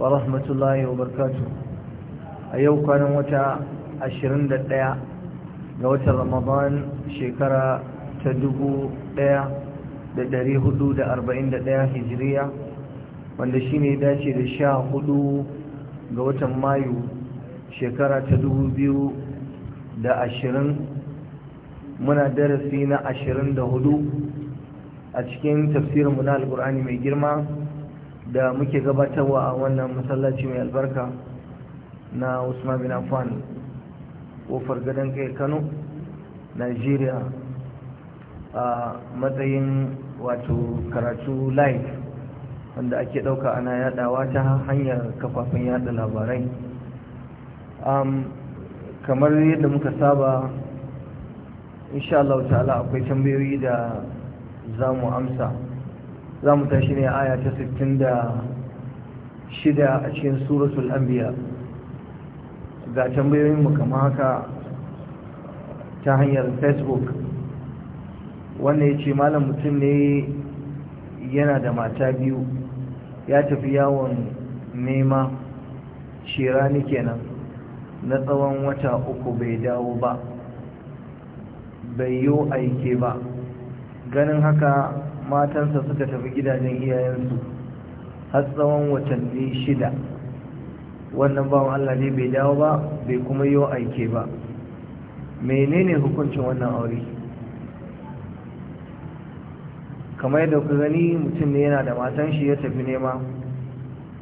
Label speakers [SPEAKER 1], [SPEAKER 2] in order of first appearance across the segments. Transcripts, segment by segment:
[SPEAKER 1] wa rahmatullahi wa barkatu a yau kwanan wata 21 ga watan ramadan shekara ta 1441 hijiriya wanda shi ne dace da sha hudu ga watan mayu shekara ta da ashirin muna darasi na ashirin da hudu a cikin tafsirin na alkur'ani mai girma da muke gabatarwa a wannan masallaci mai albarka na usman bin afan kofar gadon kai kano nigeria a matsayin wato karatu live wanda ake dauka ana yadawa ta hanyar kafafen yada labarai kamar yadda muka saba insha Allah ta'ala akwai tambayoyi da za mu amsa za mu tashi ne aya ta 66 a cikin suratul anbiya ga mu kama haka ta hanyar facebook wannan ya ce malam mutum ne yana da mata biyu ya tafi yawon nema ni kenan na tsawon wata uku bai dawo ba bai yi aike ba ganin haka matansa suka tafi gidajen iyayensu har tsawon watanni shida wannan ba Allah ne bai dawo ba bai kuma yi aike ba menene hukuncin wannan aure kamar yadda ku gani mutum ne yana da matan shi ya tafi nema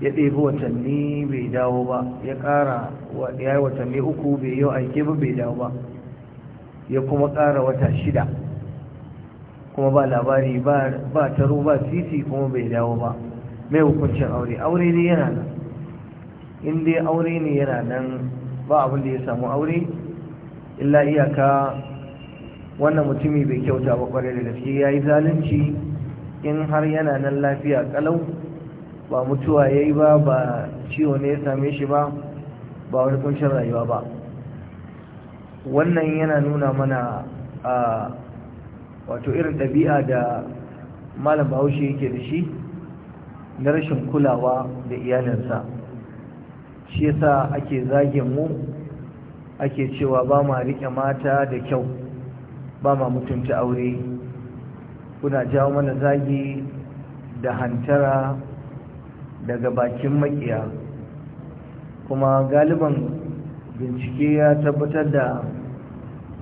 [SPEAKER 1] ya ɗebi watanni bai dawo ba ya ƙara ya yi watanni uku bai yi aike ba bai dawo ba ya kuma ƙara wata shida kuma ba labari ba taro ba titi kuma bai dawo ba mai hukuncin aure aure ne yana nan in dai aure ne yana nan ba abin da ya samu aure illa iyaka wannan mutumi bai kyauta ba kwarai da gaske ya yi zalunci in har yana nan lafiya kalau ba mutuwa ya yi ba ba ciwo ne ya same shi ba ba wani kunshin rayuwa ba wannan yana nuna mana a ah, wato irin ɗabi'a da malam bahaushe yake da shi na rashin kulawa da iyalinsa shi yasa ake zagin mu ake cewa ba ma riƙe mata da kyau ba ma mutunta aure kuna jawo mana zagi da hantara daga bakin makiya kuma galiban bincike ya tabbatar da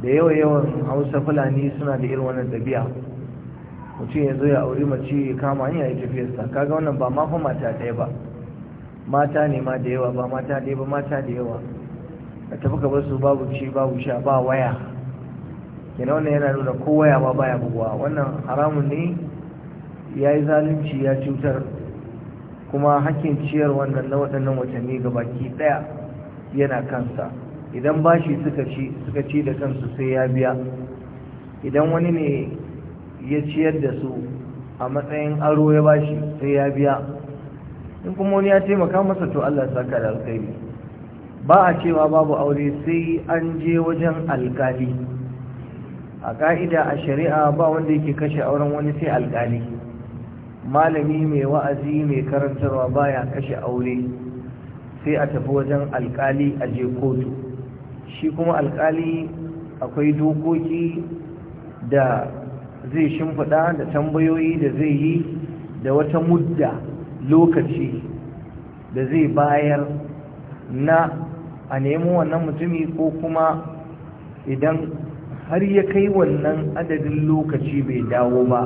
[SPEAKER 1] da yawa yawan hausa fulani suna da irin wannan ɗabi'a mutum ya zo ya auri mace ya kama hanya ya tafiyarsa kaga wannan ba ma kuma mata ɗaya ba mata ne ma da yawa ba mata ɗaya ba mata da yawa ka tafi ka su babu ci babu sha ba waya kenan wannan yana nuna ko waya ma baya buguwa wannan haramun ne ya yi zalunci ya cutar kuma hakkin ciyar wannan na waɗannan watanni ga baki ɗaya yana kansa idan bashi suka ci da kansu sai ya biya idan wani ne ya ciyar da su a matsayin aro ya bashi sai ya biya in kuma wani ya taimaka masa to Allah saka da alkhairi ba a cewa babu aure sai an je wajen alkali a ka'ida a shari'a ba wanda yake kashe auren wani sai alkali malami mai wa'azi mai karantarwa baya kashe aure sai a tafi wajen alkali a je kotu shi kuma alkali akwai dokoki da zai shimfiɗa da tambayoyi da zai yi da wata mudda lokaci da zai bayar na a nemi wannan mutumi ko kuma idan har ya kai wannan adadin lokaci bai dawo ba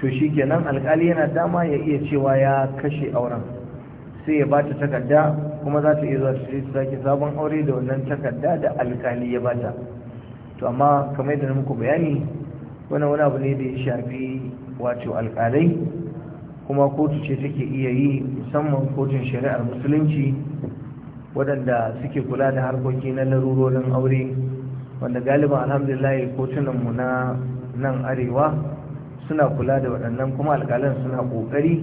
[SPEAKER 1] to shi kenan alkali yana dama ya iya cewa ya kashe auren sai ya ba ta takarda kuma za ta iya zuwa ta sake sabon aure da wannan takarda da alkali ya bata to amma kamar yadda muku bayani wannan wani abu ne da ya shafi wato alkalai kuma kotu ce take iya yi musamman kotun shari'ar musulunci waɗanda suke kula da harkoki na larurorin aure wanda galiban alhamdulillah kotunanmu na nan arewa suna kula da waɗannan kuma alkalan suna ƙoƙari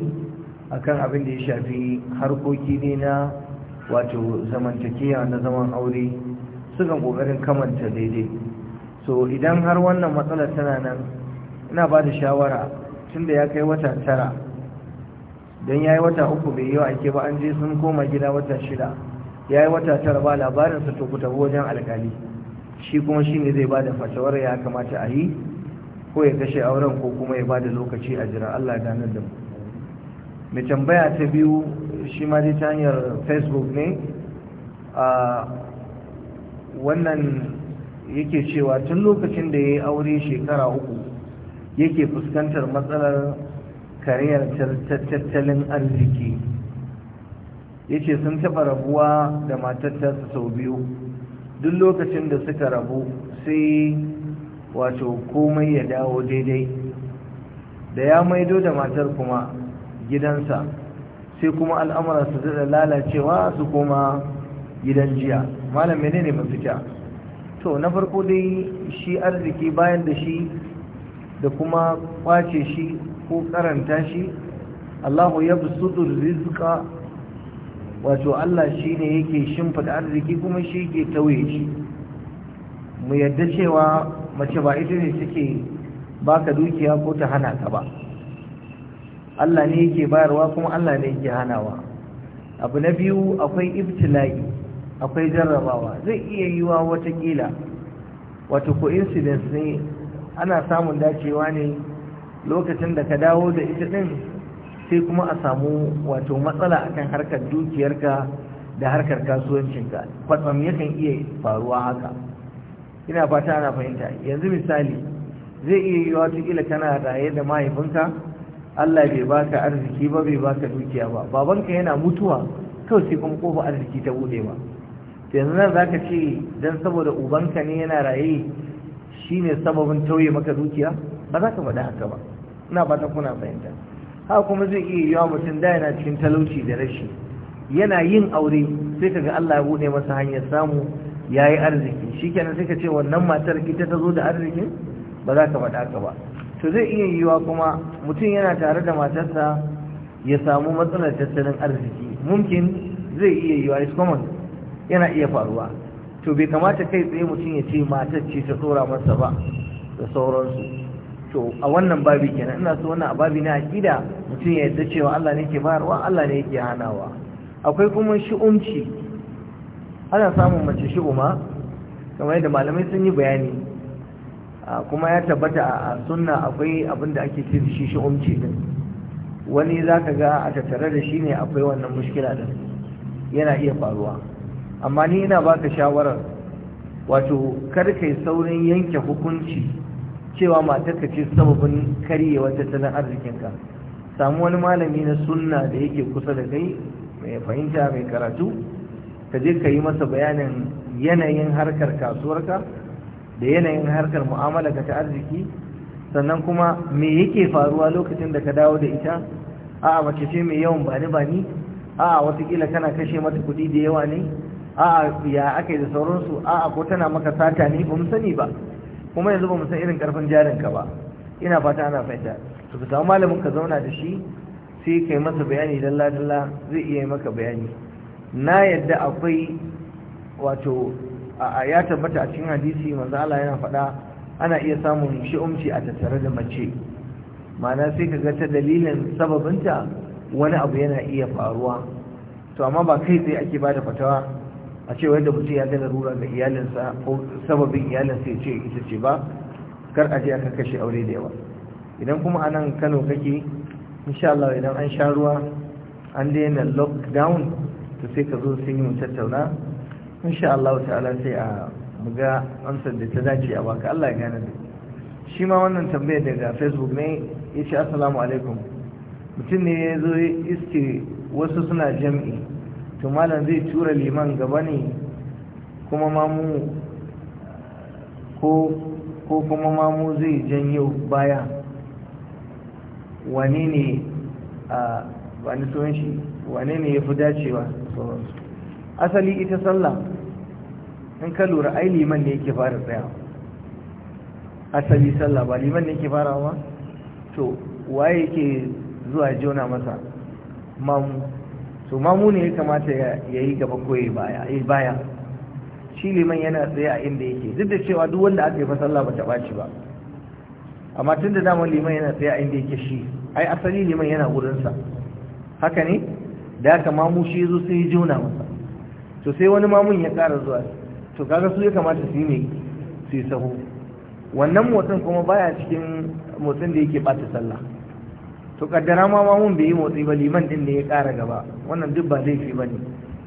[SPEAKER 1] akan abin da ya shafi harkoki ne na wato zamantakewa na zaman aure sukan kokarin kamanta daidai so idan har wannan matsalar tana nan ina ba da shawara tunda ya kai wata tara don ya yi wata uku bai yi ake ba an je sun koma gida wata shida ya yi wata tara ba labarinsa to ku wajen alkali shi kuma shi ne zai ba da fatawar ya kamata a yi ko ya kashe auren ko kuma ya ba da lokaci a jira Allah ya da mu mai tambaya ta biyu shi ma dai ta hanyar facebook ne a wannan yake cewa tun lokacin da ya yi aure shekara uku yake fuskantar matsalar kariyar tattalin arziki yace sun taɓa rabuwa da matattarsa sau biyu duk lokacin da suka rabu sai wato komai ya dawo daidai da ya maido da matar kuma gidansa sai kuma al'amura su da lalacewa su koma gidan jiya malam menene mafita to na farko dai shi arziki bayan da shi da kuma kwace shi ko karanta shi Allahu yabsutu rizqa wato Allah shine yake shimfida arziki kuma shi yake tauye shi mu yadda cewa mace ba ita ne take baka dukiya ko ta hana ka ba Allah ne yake bayarwa kuma Allah ne yake hanawa abu na biyu akwai ibtila'i akwai jarrabawa zai iya yiwa watakila wato coincidence ne ana samun dacewa ne lokacin da ka dawo da ita din sai kuma a samu wato matsala akan harkar dukiyarka da harkar kasuwancinka kwatsam yakan iya faruwa haka ina fata ana fahimta yanzu misali zai iya yiwa watakila kana raye da mahaifinka Allah bai baka arziki ba bai baka dukiya ba babanka yana mutuwa kawai sai kuma kofa arziki ta bude ba yanzu nan zaka ce dan saboda ubanka ne yana raye shine sababin tauye maka dukiya ba za ka faɗi haka ba ina fata kuna fahimta ha kuma zai iya yawa mutum da yana cikin talauci da rashi yana yin aure sai kaga Allah ya bude masa hanyar samu yayi arziki shikenan sai ka ce wannan matar ita ta zo da arzikin ba za ka faɗi haka ba to zai iya yiwa kuma mutum yana tare da matarsa ya samu matsalar tattalin arziki mumkin zai iya yiwa is common yana iya faruwa to bai kamata kai tsaye mutum ya ce matar ce ta tsora masa ba da sauransu to a wannan babi kenan ina so wannan babi na akida mutum ya yarda cewa Allah ne yake bayarwa Allah ne yake hanawa akwai kuma shi'umci ana samun mace shi'uma kamar yadda malamai sun yi bayani kuma ya tabbata a sunna akwai abinda da ake ce shi umci din wani za ka ga a tattare da shi ne akwai wannan mushkila din yana iya faruwa amma ni ina baka shawarar wato kar yi saurin yanke hukunci cewa ka ce sababin wata tattalin arzikinka samu wani malami na sunna da yake kusa da kai mai fahimta mai karatu ka je ka yi masa bayanin yanayin harkar kasuwarka da yanayin harkar mu'amala ka ta arziki sannan kuma me yake faruwa lokacin da ka dawo da ita a'a mace ce mai yawan bani bani a'a watakila kana kashe mata kuɗi da yawa ne a'a ya aka da sauransu a'a ko tana maka sata ne ba mu sani ba kuma yanzu ba mu san irin karfin jarinka ba ina fata ana fahimta to ka samu malamin ka zauna da shi sai kai masa bayani dalla dalla zai iya maka bayani na yadda akwai wato a ya tabbata a cikin hadisi manzo Allah yana faɗa ana iya samun shi'umci a tattare da mace ma'ana sai ka ga ta dalilin sababinta wani abu yana iya faruwa to amma ba kai sai ake bada fatawa a ce, wanda mutum ya ga larura ga iyalinsa ko sababin iyalinsa ya ce ita ce ba kar a je aka kashe aure da yawa idan kuma a nan kano kake insha Allah idan an sha ruwa an daina lockdown to sai ka zo sun yi mu tattauna insha Allah ta'ala sai a buga amsar da ta dace a baka Allah ya gane da shi ma wannan tambayar daga facebook ne ya ce assalamu alaikum mutum ne ya zo iske wasu suna jam'i to malam zai tura liman gaba ne kuma mamu ko kuma mamu zai janyo baya wani ne a wani tsohon shi wane ne ya fi dacewa asali ita sallah in ka lura ai liman ne yake fara tsaya asali sallah ba liman ne yake fara ba to waye yake zuwa jona masa mamu to mamu ne ya kamata ya yi gaba koyi baya baya shi liman yana tsaye a inda yake duk da cewa duk wanda aka yi fa sallah ba ta ɓaci ba amma tun da dama liman yana tsaye a inda yake shi ai asali liman yana wurinsa. haka ne da aka mamu shi zo sai ya jona masa to sai wani mamun ya ƙara zuwa to kaga su ya kamata su yi ne su yi sahu wannan motsin kuma baya cikin motsin da yake bata sallah to kaddara ma mun bai yi motsi ba liman din da ya kara gaba wannan duk ba laifi bane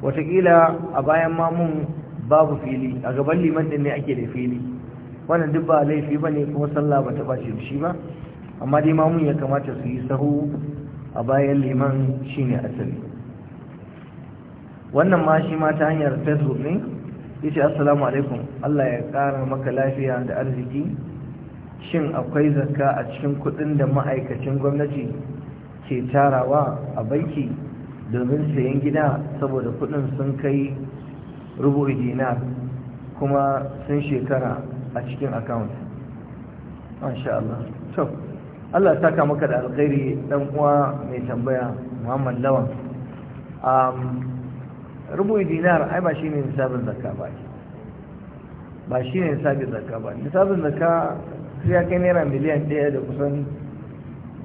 [SPEAKER 1] watakila a bayan ma mun babu fili a gaban liman din ne ake da fili wannan duk ba laifi bane kuma sallah bata bace shi ba amma dai mamun ya kamata su yi sahu a bayan liman shine asali wannan ma shi ma ta hanyar facebook ne yace assalamu alaikum Allah ya kara maka lafiya da arziki shin akwai zakka a cikin kudin da ma'aikacin gwamnati ke tarawa a banki domin sayan gida saboda kudin sun kai rubu dinar kuma sun shekara a cikin account Allah to Allah ya saka maka da alkhairi dan uwa mai tambaya Muhammad Lawan um rubu dinar ai ba shine nisabin zakka ba ba shine nisabin zakka ba nisabin zakka sai ya kai naira miliyan ɗaya da kusan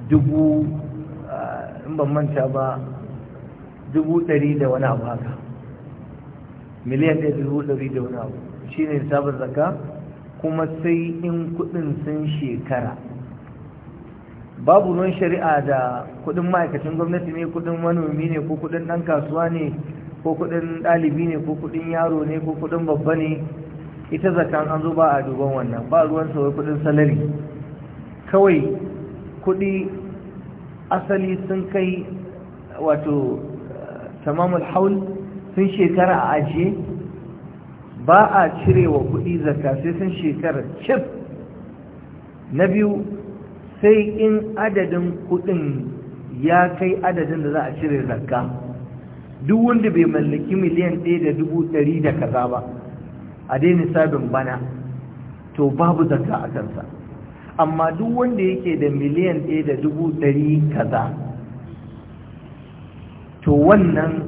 [SPEAKER 1] dubu in ban manta ba dubu ɗari da wani abu haka miliyan ɗaya dubu ɗari da wani abu shi ne sabon zaka kuma sai in kuɗin sun shekara babu ruwan shari'a da kuɗin ma'aikacin gwamnati ne kuɗin manomi ne ko kuɗin ɗan kasuwa ne ko kudin ɗalibi ne ko kudin yaro ne ko kudin babba ne ita zakan an zo ba a duban wannan ba ruwan wai kudin salari kawai kudi asali sun kai wato eh, tamamul haul sun shekara a ajiye ba a cirewa kudi zakka sai sun shekara cif na biyu sai in adadin kudin ya kai adadin da za a cire zakka duk wanda bai mallaki miliyan ɗaya da dubu ɗari da kaza ba a dai nisabin bana to babu zakka a kansa amma duk wanda yake da miliyan ɗaya da dubu ɗari kaza to wannan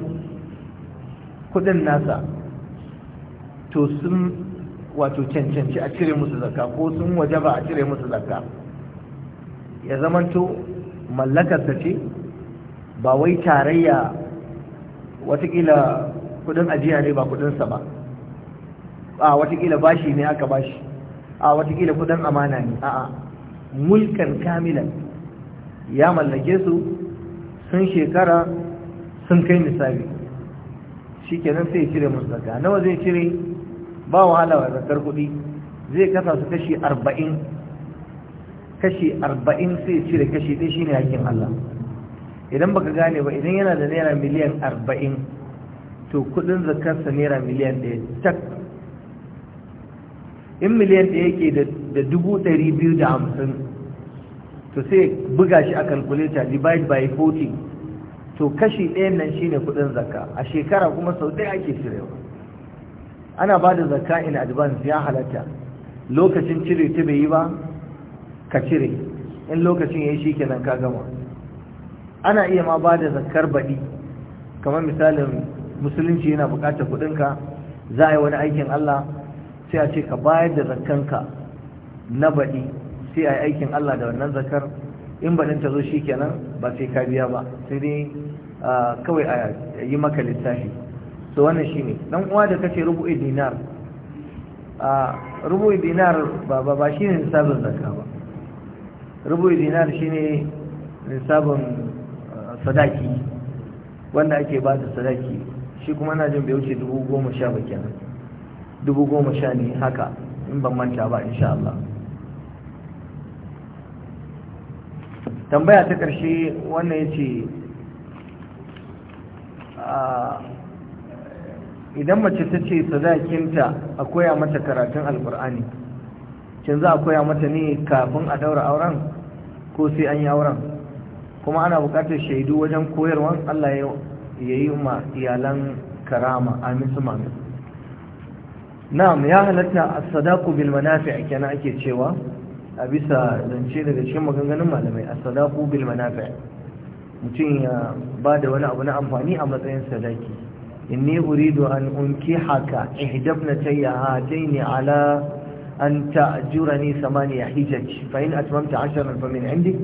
[SPEAKER 1] kudin nasa to sun wato cancanci a cire musu zakka ko sun waje ba a cire musu zakka ya zamanto mallakarsa ce ba wai tarayya watakila kudin ajiya ne ba kudinsa ba a watakila bashi ne aka bashi a watakila kudin amana ne a'a mulkan kamilan ya mallake su sun shekara sun kai misali shikenan sai cire musu zakka nawa zai cire ba wahala wa zakar kudi zai kasa su kashi arba'in kashi arba'in sai cire kashi shi ne hakin Allah idan baka gane ba idan yana da naira miliyan arba'in to kudin zakarsa naira miliyan ɗaya tak in miliyan ɗaya yake da dubu ɗari biyu da hamsin to sai buga shi a calculator divide by 40 to kashi ɗayan nan shine kudin zakka a shekara kuma sau ɗaya ake cirewa ana ba da zakka in advance ya halatta lokacin cire ta bai yi ba ka cire in lokacin ya yi shi kenan ka gama ana iya ma ba da zakar baɗi kamar misalin musulunci yana buƙatar kuɗinka za a yi wani aikin Allah sai a ce ka bayar da zakanka na baɗi sai a yi aikin Allah da wannan zakar in baɗin ta zo shi kenan ba sai ka biya ba sai dai kawai a yi maka littafi so wannan shi ne ɗan uwa da kace rubu'i dinar rubu'i dinar ba shi ne nisabin zakka ba rubu'i dinar shi ne nisabin sadaki wanda ake ba ta sadaki shi kuma na jin bai wuce dubu goma sha ba dubu goma sha ne haka in ban manta ba insha Allah tambaya ta ƙarshe wannan ya ce ah, idan mace ta ce sadakinta a koya mata karatun alkur'ani can za a koya mata ne kafin a daura auren ko sai an yi auren kuma ana bukatar shaidu wajen koyarwan Allah ya yi ma iyalan karama amin mamin na'am ya halatta as-sadaqu bil manafi' kenan ake cewa a bisa zance daga cikin maganganun malamai as-sadaqu bil manafi' mutum ya bada wani abu na amfani a matsayin sadaki inni uridu an unkihaka ihdabnatayya hatayn ala an ta'jurani samaniya hijaj fa in atmamta 'ashran fa min 'indik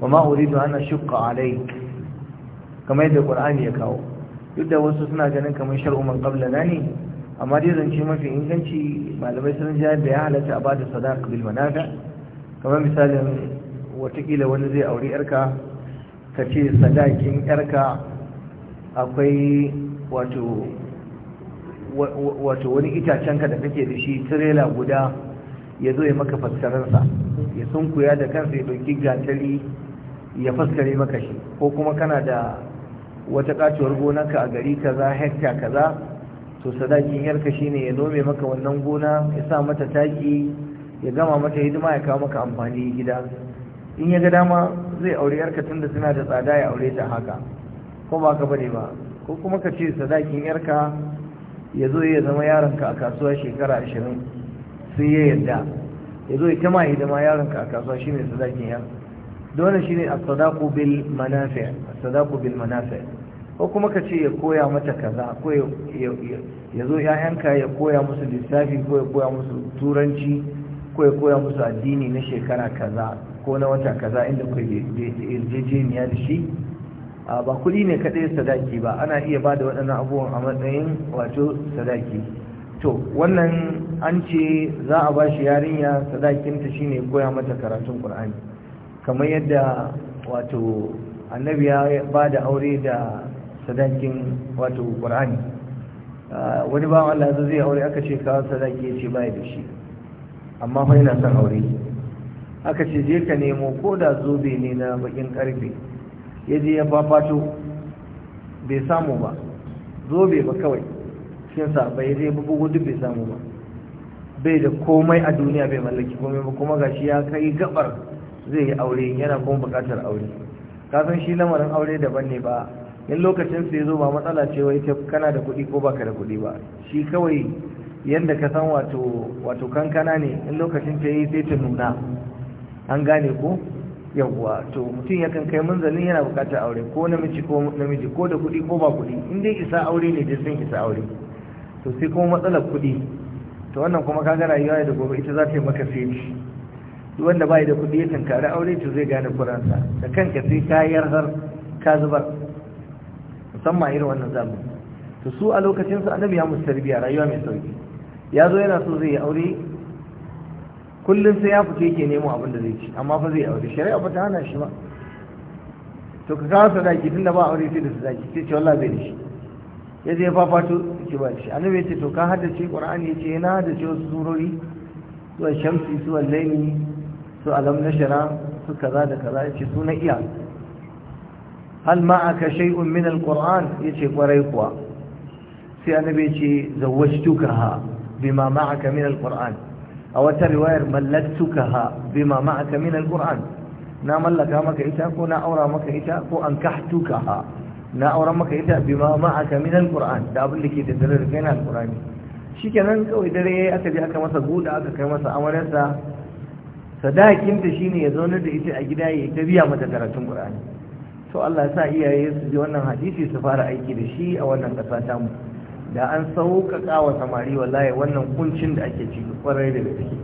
[SPEAKER 1] wa ma uridu ana ashqa alai kamar yadda qur'ani ya kawo duk da wasu suna ganin kamar shar'u man na ne amma dai zance mafi inganci malamai sun ja da ya halatta a bada sadaq bil manafi kamar misalin watakila wani zai aure yarka ka ce sadakin yarka akwai wato wato wani itacen ka da kake da shi tirela guda ya zo ya maka fassararsa ya sunkuya da kansa ya ɗauki gatari ya faskare maka shi ko kuma kana da wata gona gonarka a gari kaza hekta kaza to sadakin yarka shine ya nome maka wannan gona ya sa mata taki ya gama mata hidima ya kawo maka amfani gida in ya ga dama zai aure yarka tunda suna da tsada ya aure ta haka ko ba ka bane ba ko kuma ka ce sadakin yarka ya zo ya zama yaranka a kasuwa shekara ashirin sai ya yarda ya zo ita ma hidima yaron a kasuwa shine sadakin ya? dole shine as-sadaqu bil manafi' as bil manafi' ko kuma ka ce ya koya mata kaza ko ya zo ‘ya'yanka ya koya musu lissafi ko ya koya musu turanci ko ya koya musu addini na shekara kaza ko na wata kaza inda ku yarjejeniya da shi ba kuɗi ne kadai sadaki ba ana iya ba da waɗannan abubuwan a matsayin wato sadaki to wannan an ce za a ba shi yarinya sadakinta shine koya mata karatun ƙur'ani kamar yadda wato annabi ya ba da aure da sadakin wato ƙur'ani wani ba Allah zai aure aka ce kawo sadaki ya ce baya da shi amma fa yana son aure aka ce je ka nemo ko da zobe ne na bakin karfe ya je ya fafato bai samu ba zobe ba kawai cikin sahabbai zai bugu duk bai samu ba bai da komai a duniya bai mallaki komai ba kuma gashi ya kai gabar zai yi aure yana kuma bukatar aure kasan shi lamarin aure daban ne ba in lokacin su zo ba matsala ce wai kana da kuɗi ko baka da kuɗi ba shi kawai yadda ka san wato wato kankana ne in lokacin ta yi sai ta nuna an gane ko yawwa to mutum yakan kai munzalin yana bukatar aure ko namiji ko da kuɗi ko ba kuɗi in dai isa aure ne dai sun isa aure to sai kuma matsalar kuɗi to wannan kuma kaga rayuwa da gobe ita za ta yi maka sai duk wanda bai da kuɗi ya tankare aure to zai gane kuransa da kanka sai ka har ka zubar musamman irin wannan zamu. to su a lokacin su annabi ya musu tarbiya rayuwa mai sauki ya zo yana so zai yi aure kullum sai ya fito yake nemo abin da zai ci amma fa zai aure shari'a ba ta hana shi ba to ka kawo sadaki tunda ba aure sai da sadaki sai ce wallahi zai da shi ya je fafato suke ba shi annabi ya ce to ka haddace qur'ani ya ce da haddace wasu surori su shamsi su al su alam nashara su kaza da kaza ya ce su iya hal ma'aka shay'un min al-qur'an ya ce kwarai kuwa sai annabi ya ce zawwajtukaha bima ma'aka min al-qur'an a wata riwayar mallaktukaha bima ma'aka min al-qur'an na mallaka maka ita ko na aura maka ita ko an kahtukaha na auren maka ita bi ma aka min alquran da abin da ke da dare da kaina alqurani shikenan kawai dare yayi aka ji aka masa guda aka kai masa amaryarsa sadakin ta shine ya zauna da ita a gida yayi ta biya mata karatun qur'ani to Allah ya sa iyaye su ji wannan hadisi su fara aiki da shi a wannan kasa ta mu da an sauƙaƙa wa samari wallahi wannan kuncin da ake ciki kwarai da gaske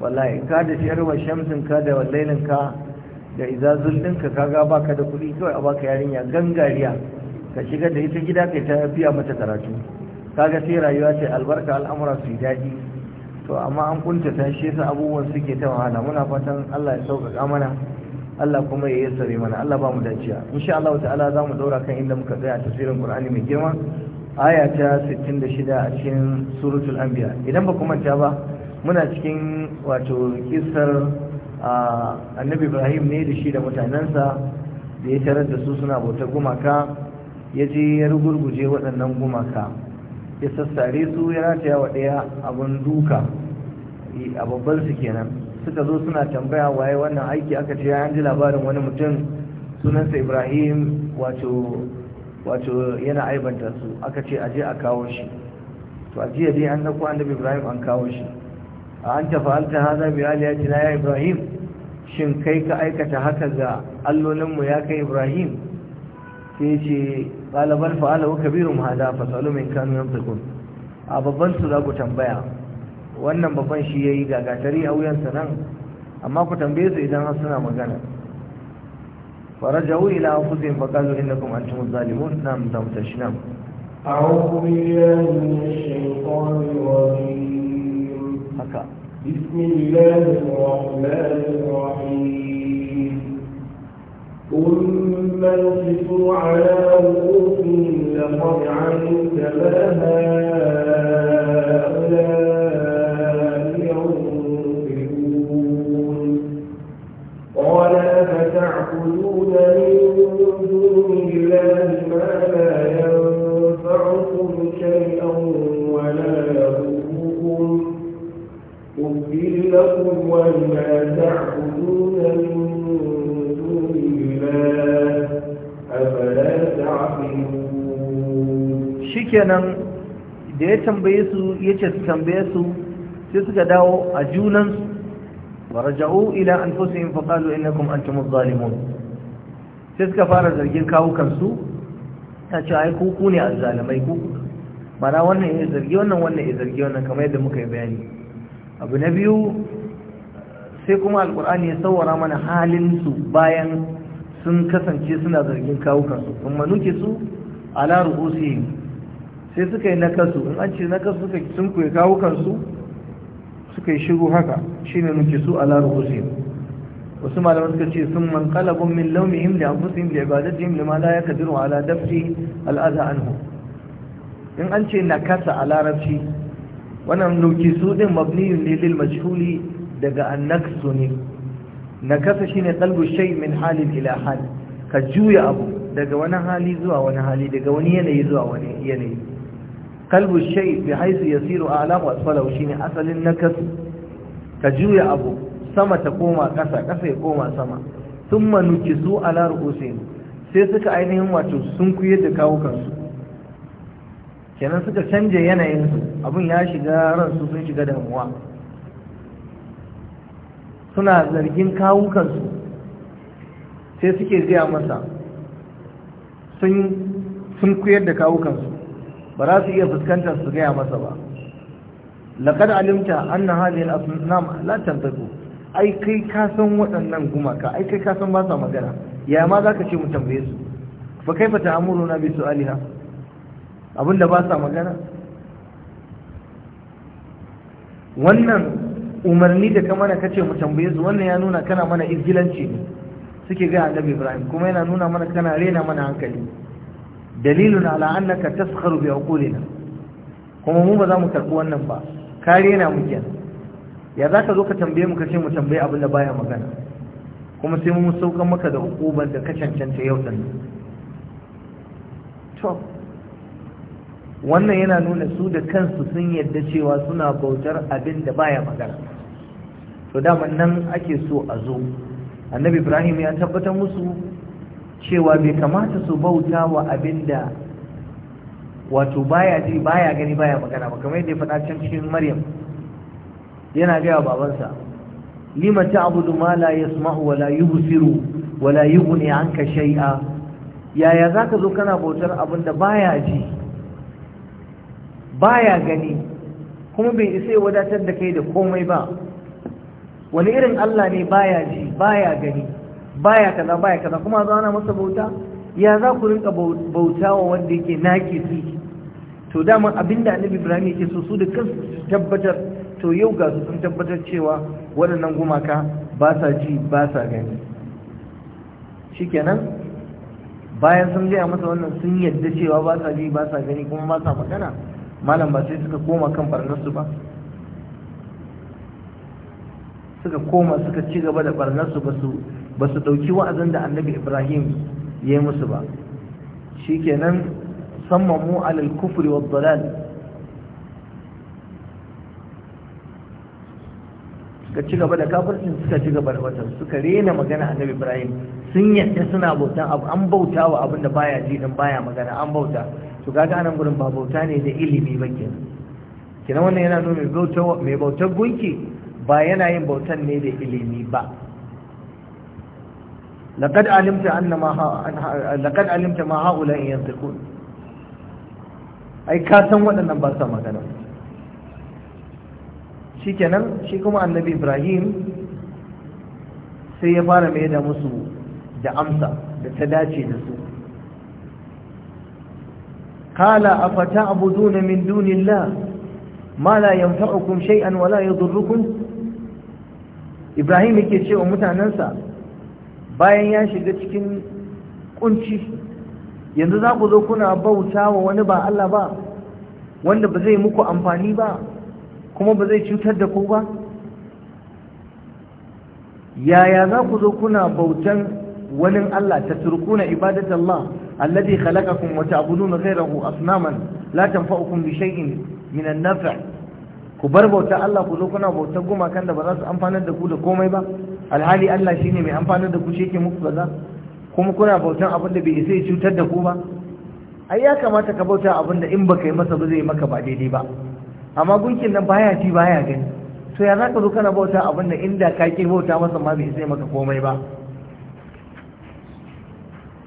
[SPEAKER 1] wallahi ka da shi arwa shamsin ka da wallailin ka da izazul ɗinka kaga baka da kuɗi kawai a baka yarinya gangariya ka shiga da ita gida kai ta biya mata karatu kaga sai rayuwa ce albarka al'amura su yi daɗi to amma an kunta ta shi yasa abubuwan suke ta wahala muna fatan Allah ya sauƙaƙa mana Allah kuma ya yassare mana Allah ba mu dace insha Allah ta'ala za mu daura kan inda muka tsaya tafsirin Qur'ani mai girma aya ta 66 a cikin suratul anbiya idan ba ku manta ba muna cikin wato kisar annabi ibrahim ne da shi da mutanensa da ya tarar da su suna bauta gumaka ya je ya rugurguje waɗannan gumaka ya sassare su ya rataya wa ɗaya abin duka a babban su kenan suka zo suna tambaya waye wannan aiki aka ce an ji labarin wani mutum sunansa ibrahim wato wato yana aibanta su aka ce aje a kawo shi to aje dai an ɗauko annabi ibrahim an kawo shi a anta hada, bi aliyatina ya ibrahim shin kai ka aikata haka ga allolinmu ya kai ibrahim sai ce ɗaliban fa'alahu kabirun hada fasalu min kanu yantakun a babban su za ku tambaya wannan babban shi ya yi gagatari a wuyansa nan amma ku tambaye su idan suna magana فرجعوا إلى أنفسهم فقالوا إنكم أنتم الظالمون da دمتش نعم
[SPEAKER 2] أعوذ بالله من الشيطان الرجيم مكة بسم الله الرحمن الرحيم ثم انكسوا على رؤوسهم لقد علمت ما هؤلاء ينطقون قال أفتعبدون من دون الله ما لا يضل لكم وما تعبدون من دون الله أفلا تعقلون
[SPEAKER 1] شكرا da ya tambaye su ya ce su tambaye su sai suka dawo a junansu wa raja'u ila anfusihim fa qalu innakum antumuz zalimun sai suka fara zargin kawukansu ta ce ai ku ku ne azzalimai ku mana wannan ya zargi wannan wannan ya zargi wannan kamar yadda muka yi bayani abu na biyu sai kuma alkur'ani ya tsawara mana halin su bayan sun kasance suna zargin su. in manuke su ala ru'usihim sai suka yi nakasu in an ce nakasu suka sun kuwa su
[SPEAKER 2] suka yi shiru haka shine nuke su ala ru'usihim
[SPEAKER 1] wasu malaman suka ce sun man qalabun min lawmihim li anfusihim li ibadatihim lima la yaqdiru ala dafi al'adha anhu in an ce nakasa a larabci wannan nukisu din mabniyun ne lil majhuli daga annaksu ne nakasa shine dalbu shay min halin ila hal ka juya abu daga wani hali zuwa wani hali daga wani yanayi zuwa wani yanayi kalbu shay bi haythu yasiru a wa asfalahu shine asalin nakas ka juya abu sama ta koma kasa kasa ya koma sama thumma nukisu ala ru'usin sai suka ainihin wato sun kuye da kawo kansu kenan suka canje yanayin abin ya shiga ransu sun shiga damuwa suna zargin kawukansu sai suke gaya masa sun kuyar da kawukansu ba za su iya fuskantar su gaya masa ba laƙar alimta an na halin asunam latar zago ai kai kasan waɗannan gumaka ai kai kasan ba sa magana ya ma za ka ce mu tambaye su ba kai fata amuru na bi su aliha abinda ba sa magana wannan umarni da ka mana kace mu tambaye su wannan ya nuna kana mana izgilanci ne suke ga annabi Ibrahim kuma yana nuna mana kana rena mana hankali dalilun ala annaka taskharu bi aqulina kuma mu ba za mu karbi wannan ba ka rena mu kenan ya za ka zo ka tambaye mu kace mu tambaye abin da baya magana kuma sai mu saukan maka da hukuban da ka cancanta yau din to wannan yana nuna su da kansu sun yadda cewa suna bautar abin da baya magana to dama nan ake so a zo annabi ibrahim ya tabbatar musu cewa bai kamata su bauta wa abin da wato baya ji baya gani baya magana ba kamar yadda ya faɗa can cikin maryam yana gaya babansa lima ta'budu ma la yasma'u wa la yubsiru wa la yughni anka shay'a yaya zaka zo kana bautar abin da baya ji baya gani kuma bai isa ya wadatar da kai da komai ba wani irin Allah ne baya ji baya gani baya kaza baya kaza kuma zo ana masa bauta ya za ku rinka bautawa wanda yake su to dama abinda annabi Ibrahim yake so su da kansu tabbatar to yau ga su sun tabbatar cewa waɗannan gumaka ba sa ji ba sa gani shikenan bayan sun gaya masa wannan sun yadda cewa ba sa ji ba sa gani kuma ba sa magana malam ba sai suka koma kan barnarsu ba suka koma suka ci gaba da barnarsu ba su ɗauki wa'azin da annabi ibrahim ya yi musu ba shi kenan sammamu alal kufri wa dalal suka ci gaba da kafircin suka ci gaba da watan suka rena magana annabi ibrahim sun yadda suna bautan abu an bauta wa abin da baya ji din baya magana an bauta to gaga anan gurin ba bauta ne da ilimi ba nan, kina wannan yana nuna mai bautar gunki ba yana yin bautan ne da ilimi ba laqad alimta anna ma laqad alimta ma haula yantiqun ai ka san waɗannan ba sa magana shikenan shi kuma annabi Ibrahim sai ya fara mai da musu da amsa da ta dace da su قال أفتعبدون من دون الله ما لا ينفعكم شيئا ولا يضركم إبراهيم yake cewa mutanansa bayan ya shiga cikin kunci yanzu za ku zo kuna bauta wa wani ba Allah ba wanda ba zai muku amfani ba kuma ba zai cutar da ku ba yaya za ku zo kuna bautan wani Allah ta turku na tatrukuna ibadatallah alladhi khalaqakum wa ta'buduna ghayrahu asnaman la tanfa'ukum bi shay'in min an-naf' ku bar bauta Allah ku zo kuna bautar gumakan da ba za su amfanar da ku da komai ba alhali Allah shine mai amfanar da ku shi yake muku kaza kuma kuna bautan abin da bai isa ya cutar da ku ba ai ya kamata ka bauta abin da in baka yi masa ba zai maka ba daidai ba amma gunkin nan baya ji baya gani to ya zaka zo kana bauta abin da inda ka ke bauta masa ma bai isa maka komai ba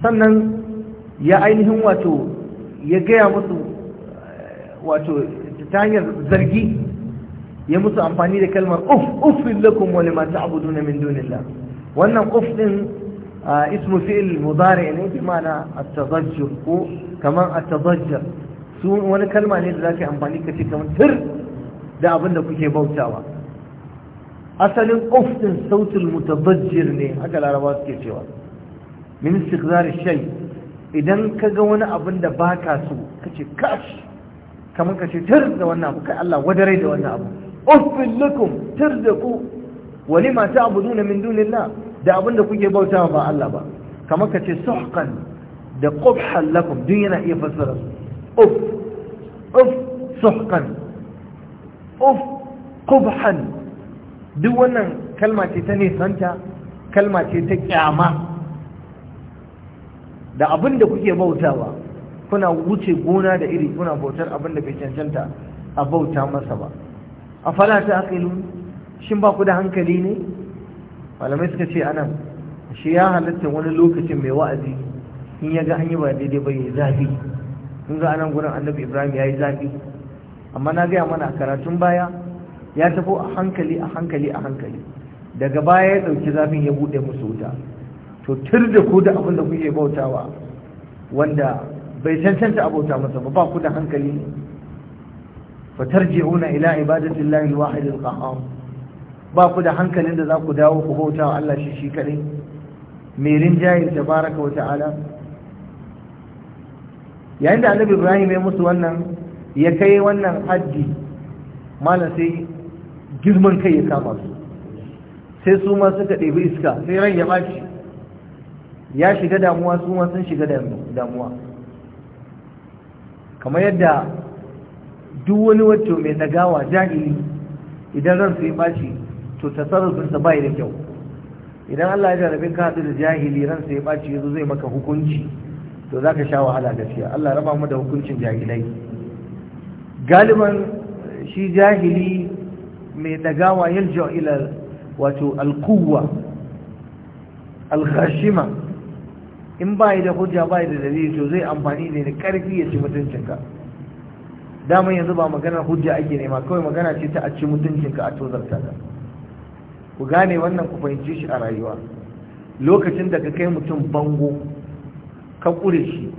[SPEAKER 1] sannan ya ainihin wato ya gaya musu wato ta hanyar zargi ya musu amfani da kalmar uf ufin lakum wani masu abudu na min dunillah wannan uf din ismu fi'il mudari ne bi mana at ko kamar a tadajjur su wani kalma ne da zaka amfani ka ce kamar tir da abin da kuke bautawa asalin uf din sautul mutadajjir ne haka laraba suke cewa min istighzar shay idan kaga wani abin da baka so kace kash kamar kace tir da wannan abu kai Allah wadare da wannan abu uffil lakum tir da ku walima ta'buduna min dunillah da abin da kuke bautawa ba Allah ba kamar kace suhqan da qubhan lakum duk yana iya fassara uff uff suhqan uff qubhan duk wannan kalma ce ta nisanta kalma ce ta kyama da abin da kuke bautawa kuna wuce gona da iri kuna bautar abin da bai cancanta a bauta masa ba a fara ta aqilu shin ba ku da hankali ne malamai suka ce anan shi ya halatta wani lokacin mai wa'azi in ya ga hanyar ba daidai ba ya zafi kun ga anan gurin annabi ibrahim ya yi zafi amma na gaya mana a karatun baya ya tafi a hankali a hankali a hankali daga baya ya ɗauki zafin ya buɗe musu wuta to tur da ku da abin da kuke bautawa wanda bai cancanta abota masa ba ba ku da hankali ne fa tarji'una ila ibadatillahi alwahid alqahhar ba ku da hankalin da za ku dawo ku bautawa Allah shi shi kadai mai rinjayin tabaraka wa ta'ala yayin da annabi ibrahim ya musu wannan ya kai wannan haddi malam sai girman kai ya kama su sai su ma suka ɗebi iska sai ran ya bashi ya shiga damuwa su ma sun shiga damuwa kamar yadda duk wani wato mai nagawa jahili idan su yi ɓaci to tasarrufinsa bai da kyau idan Allah ya jarabin ka da jahili su yi ɓaci yanzu zai maka hukunci to za ka sha wahala gaskiya Allah raba mu da hukuncin jahilai galiban shi jahili mai dagawa yaljo ila wato alkuwa alkhashima in ba da hujja ba da dalili to zai amfani ne da karfi ya ci mutuncinka daman yanzu ba maganar hujja ake nema kawai magana ce ta a ci mutuncinka a tozarta ka ku gane wannan ku fahimci shi a rayuwa lokacin da ka kai mutum bango ka ƙure shi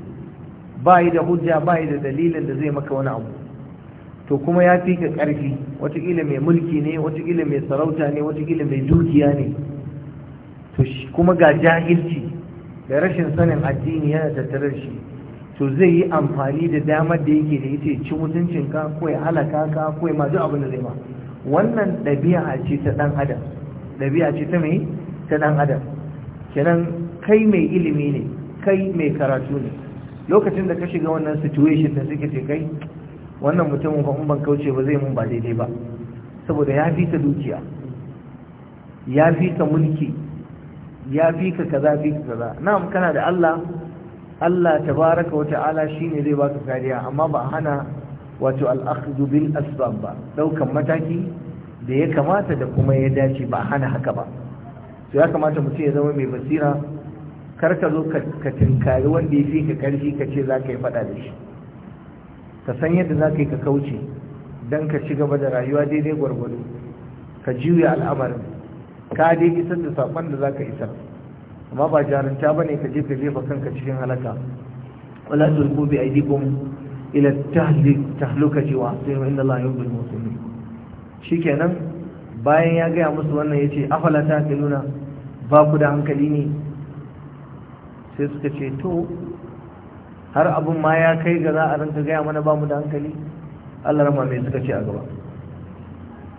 [SPEAKER 1] ba yi da hujja ba da dalilin da zai maka wani abu to kuma ya fi ka ƙarfi watakila mai mulki ne watakila mai sarauta ne watakila mai dukiya ne to kuma ga jahilci da rashin sanin addini yana tattare shi to zai yi amfani da damar da yake da ita ci mutuncin ka ko ya halaka ka ko ya mazu abin da zai ma wannan ɗabi'a ce ta ɗan adam ɗabi'a ce ta mai ta ɗan adam kenan kai mai ilimi ne kai mai karatu ne lokacin da ka shiga wannan situation da suke ce kai wannan mutumin ba ban kauce ba zai mun ba daidai ba saboda ya fi ta dukiya ya fi ta mulki ya fi ka kaza fi ka kaza na'am kana da Allah Allah tabaraka wa ta'ala shine zai baka kariya amma ba hana wato al-akhdhu bil asbab ba daukan mataki da ya kamata da kuma ya dace ba hana haka ba to ya kamata mutum ya zama mai basira kar ka zo ka tinkari wanda ya fi ka karfi ka ce za ka yi faɗa da shi ka san yadda za ka yi ka kauce don ka ci gaba da rayuwa daidai gwargwado ka juya al'amarin ka dai isar da saƙon da za ka isar amma ba jarunta ba ne ka je ka jefa kanka cikin halaka wala tulqu bi aidikum ila tahlik tahlukati wa aslimu inna allaha yuhibbul muslimin shikenan bayan ya gaya musu wannan yace afala taqiluna ba ku da hankali ne sai suka ce to har abun ma ya kai ga za a ranka gaya mana ba mu da hankali Allah rama mai suka ce a gaba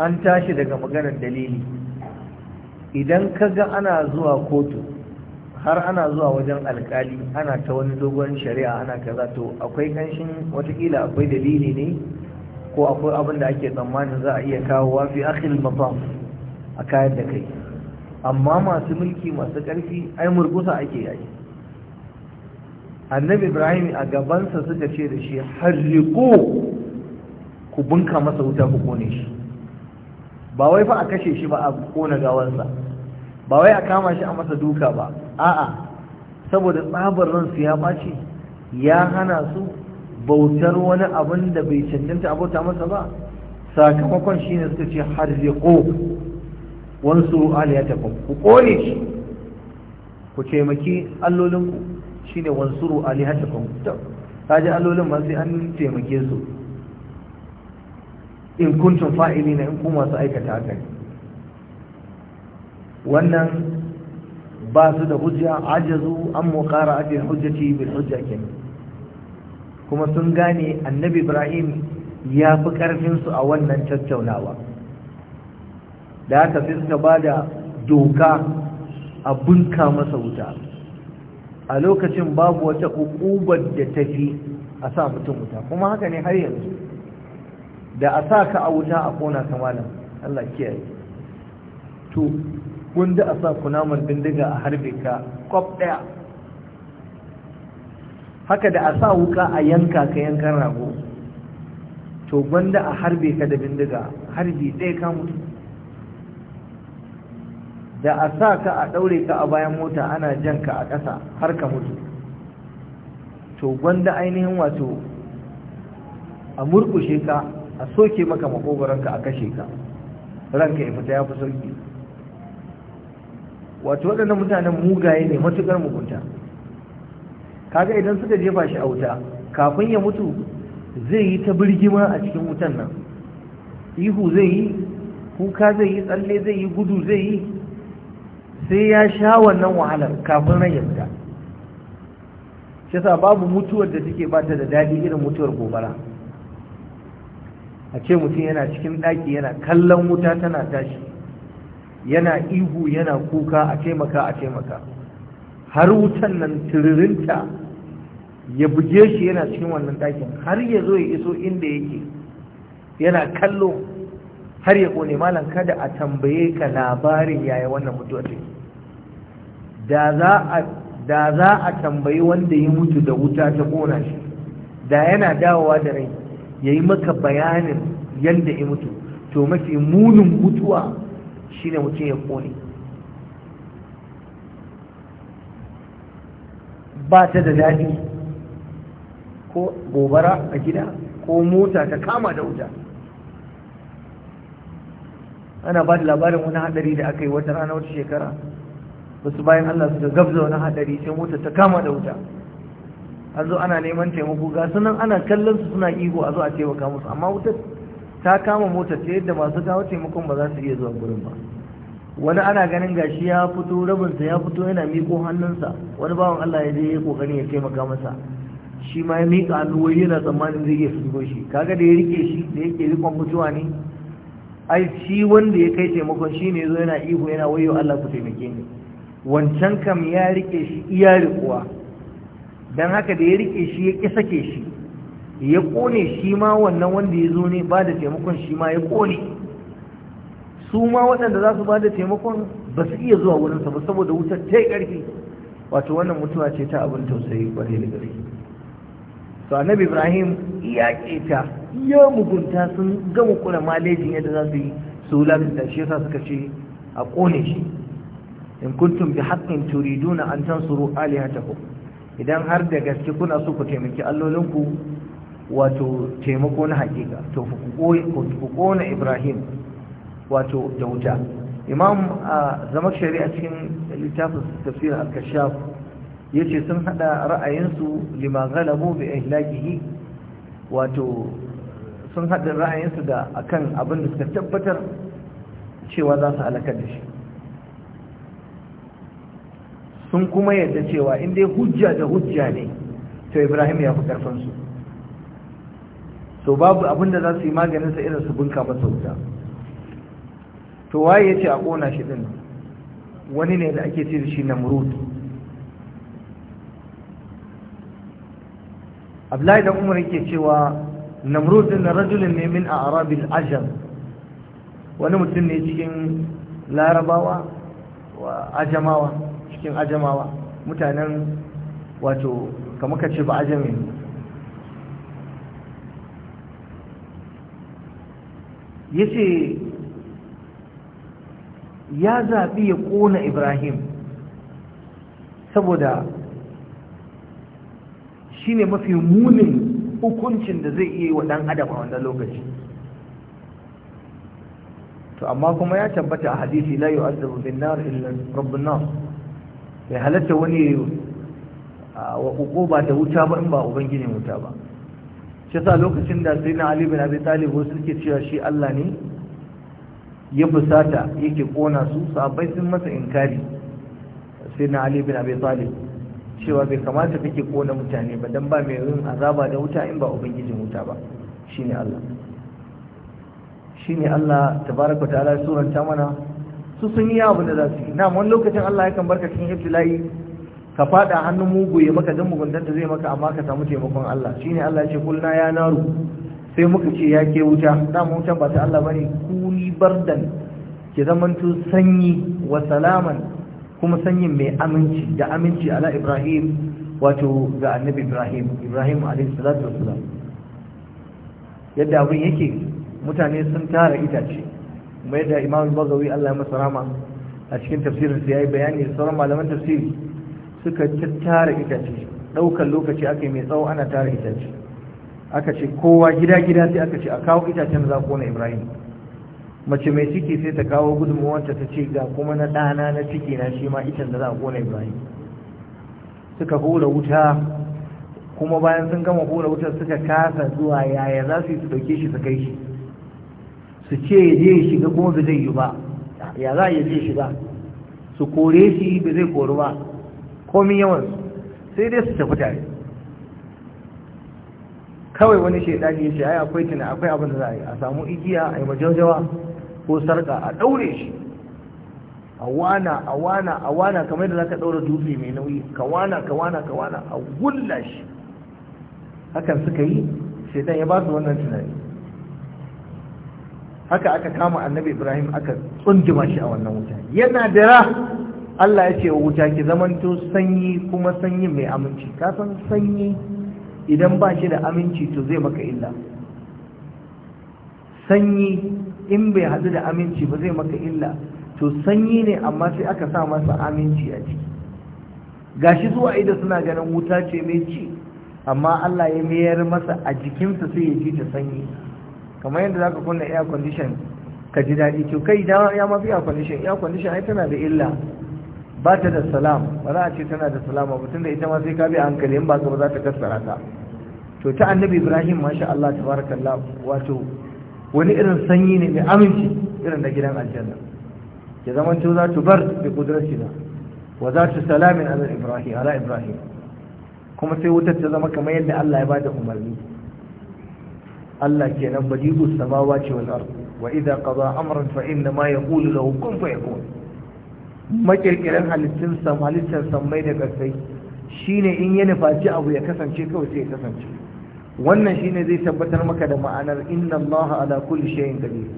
[SPEAKER 1] an tashi daga maganar dalili idan ka ga ana zuwa kotu har ana zuwa wajen alkali ana ta wani dogon shari'a ana kaza to akwai kanshin watakila akwai dalili ne ko akwai abin da ake tsammanin za a iya kawo wafi akhil mafam a kayan da kai amma masu mulki masu ƙarfi ai murgusa ake yayi annabi ibrahim a gabansa suka ce da shi harriko ku bunka masa wuta ku kone shi ba wai fa a kashe shi ba a kona gawansa ba wai a kama shi a masa duka ba a'a saboda tsabar ransu ya ɓaci ya hana su bautar wani abin da bai cancanta abota masa ba sakamakon shi ne suka ce harziko wansu aliyatakum ku kone shi ku taimaki allolinku shine wansuru alihatakum ta ji allolin ma sai an taimake su in kuntum na in ku masu aikata haka wannan ba su da hujja ajazu an muqara ati hujjati bil hujja kin kuma sun gane annabi ibrahim ya fi karfin su a wannan tattaunawa da aka sai suka bada doka a bunka masa wuta a lokacin babu wata hukubar da tafi a sa mutum wuta kuma haka ne har yanzu da a sa ka a wuta a kona ka malam Allah kiyaye to wanda a sa kunamar bindiga a harbe ka kwaf daya haka da a sa wuka a yanka ka yankan rago to wanda a harbe ka da bindiga harbi ɗaya ka mutu da a sa ka a ɗaure ka a bayan mota ana jan ka a ƙasa har ka mutu to gwanda ainihin wato a murkushe ka a soke maka makogoranka a kashe ka ranka ya fita ya fi sauki wato waɗannan mutanen mugaye ne matuƙar mugunta kaga idan suka jefa shi a wuta kafin ya mutu zai yi ta birgima a cikin wutan nan ihu zai yi kuka zai yi tsalle zai yi gudu zai yi sai ya sha wannan wahalar kafin ran ya fita shi babu mutuwar da take bata da daɗi irin mutuwar gobara a ce mutum yana cikin ɗaki yana kallon wuta tana tashi yana ihu yana kuka a taimaka a taimaka har wutan nan tiririnta ya buge shi yana cikin wannan ɗakin har ya zo ya iso inda yake yana kallo har ya ƙone malam kada a tambaye ka labarin yaya wannan mutuwar take da za a tambayi wanda ya mutu da wuta ta ƙona shi da yana dawowa da rai ya yi maka bayanin yadda ya mutu to mafi munin mutuwa shine mutum ya kone ba ta da daɗi ko gobara a gida ko mota ta kama da wuta ana ba da labarin wani haɗari da aka yi wata rana wata shekara wasu bayan allah su suka gabza wani haɗari sai mota ta kama da wuta an zo ana neman taimako ga sunan ana kallon su suna ihu a zo a taimaka musu amma wutar ta kama mota ta yadda masu kawo taimakon ba za su iya zuwa gurin ba wani ana ganin gashi ya fito rabinsa ya fito yana miƙo hannunsa wani bawan Allah ya je ya kokari ya taimaka masa shi ma ya miƙa hannu yana tsammanin zai iya fito shi kaga da ya rike shi da yake rikon mutuwa ne ai shi wanda ya kai taimakon shi ne zo yana ihu yana wayo Allah ku taimake ni wancan kam ya rike shi iya rikuwa don haka da ya rike shi ya kisa sake shi ya kone shi ma wannan wanda ya zo ne ba da taimakon shi ma ya kone. su ma waɗanda za su ba da taimakon ba su iya zuwa wurinsa ba saboda wutar ta yi ƙarfi wato wannan mutuwa ce ta abin tausayi ƙwarai da gaske to annabi ibrahim iya keta iya mugunta sun gama kula malejin yadda za su yi su lalata shi yasa suka ce a kone shi in kuntum bi haqqin turiduna an tansuru alihatakum idan har da gaske kuna so ku taimaki allolinku wato taimako na hakika to ku kona ibrahim wato da wuta imam a zama shari'a cikin littafin tafsir alkashaf ya ce sun hada ra'ayinsu lima galabu bi ihlakihi wato sun hada ra'ayinsu da akan abin da suka tabbatar cewa za su halakar da shi sun kuma yadda cewa in dai hujja da hujja ne to ibrahim ya fi karfansu To babu abinda za su yi maganinsa irin su bunka masa wuta to waye ya ce a ƙona shi ɗin wani ne da ake ce da shi namrud abdullahi da umar yake cewa namrud din na rajulun ne min a arabil ajam wani mutum ne cikin larabawa wa ajamawa cikin ajamawa mutanen wato kamar ka ce ba ajami ya ce ya zaɓi ya ƙona ibrahim saboda shi ne mafi munin hukuncin da zai iya wa ɗan adam a wannan lokaci to amma kuma ya tabbata a hadisi la yu'azzabu bin nar illa rabbun nar bai halatta wani wa hukuma da wuta ba in ba ubangine wuta ba shi yasa lokacin da sai na Ali bin Abi Talib wasu suke cewa shi Allah ne ya fusata yake kona su sabai sun masa inkari sai na Ali bin Abi Talib cewa bai kamata take kona mutane ba dan ba mai yin azaba da wuta in ba ubangijin wuta ba shine Allah shine Allah tabaraka ta'ala suranta mana su sun yi abu da za su yi na wani lokacin Allah ya kan barka cikin ibtila'i ka fada hannun mugu ya maka dan mugundan da zai maka amma ka samu taimakon Allah shine Allah ya ce kulna ya naru sai muka ce ya ke wuta na mu wutan ba ta Allah bane kuli bardan ki tu sanyi wa salaman kuma sanyin mai aminci da aminci ala Ibrahim wato ga annabi Ibrahim Ibrahim alaihi salatu wassalam yadda abin yake mutane sun tara itace mai da imam bagawi Allah ya masa rama a cikin tafsirin sa yayi bayani da sauran malaman tafsiri suka tattara itace daukar lokaci aka mai tsawo ana tara itace aka ce kowa gida gida sai aka ce a kawo itacen za kona Ibrahim mace mai ciki sai ta kawo gudunmuwanta ta ce ga kuma na dana na ciki na shi ma itan da za a kona Ibrahim suka hura wuta kuma bayan sun gama hura wuta suka kasa zuwa yaya za su yi su ɗauke shi su kai shi su ce ya je ya shiga kuma ba zai yi ba ya za a je shiga su kore shi ba zai koru ba komi yawan sai dai su tafi tare kawai wani shaidani ya ce ai akwai tuna akwai abin da za a yi a samu igiya a yi majaujawa ko sarka a daure shi a wana a wana a wana kamar da za ka daura dutse mai nauyi ka wana ka wana ka wana a gulla shi hakan suka yi shaidan ya ba su wannan tunani haka aka kama annabi ibrahim aka tsunjima shi a wannan wuta yana dira Allah ya ce wuta ki zamanto sanyi kuma sanyi mai aminci ka san sanyi idan ba shi da aminci to zai maka illa sanyi in bai hadu da aminci ba zai maka illa to sanyi ne amma sai aka sa masa aminci a ciki gashi zuwa Ida suna ganin wuta ce mai ci amma Allah ya mayar masa a jikinsa sai ya ji ta sanyi kamar yadda ka kunna air condition ka ji daɗi to kai da ya mafi air condition air condition ai tana da illa ba ta da salam ba za a ce tana da salama ba da ita ma sai ka bi a hankali in ba ka ba za ta kassara ka to ta annabi ibrahim masha Allah tabarakallah wato wani irin sanyi ne mai aminci irin na gidan aljanna ya zama to za tu bar bi qudratina wa za ta salamin ala ibrahim ala ibrahim kuma sai wutar ta zama kamar yadda Allah ya bada umarni Allah kenan badi'us samawati wal ard wa idza qada amran fa inna ma yaqulu lahu kun fayakun makirkiran halittun sam halittar sammai da ƙarfai shine in ya nufaci abu ya kasance kawai sai ya kasance wannan shine zai tabbatar maka da ma'anar inna Allah ala kulli shay'in qadir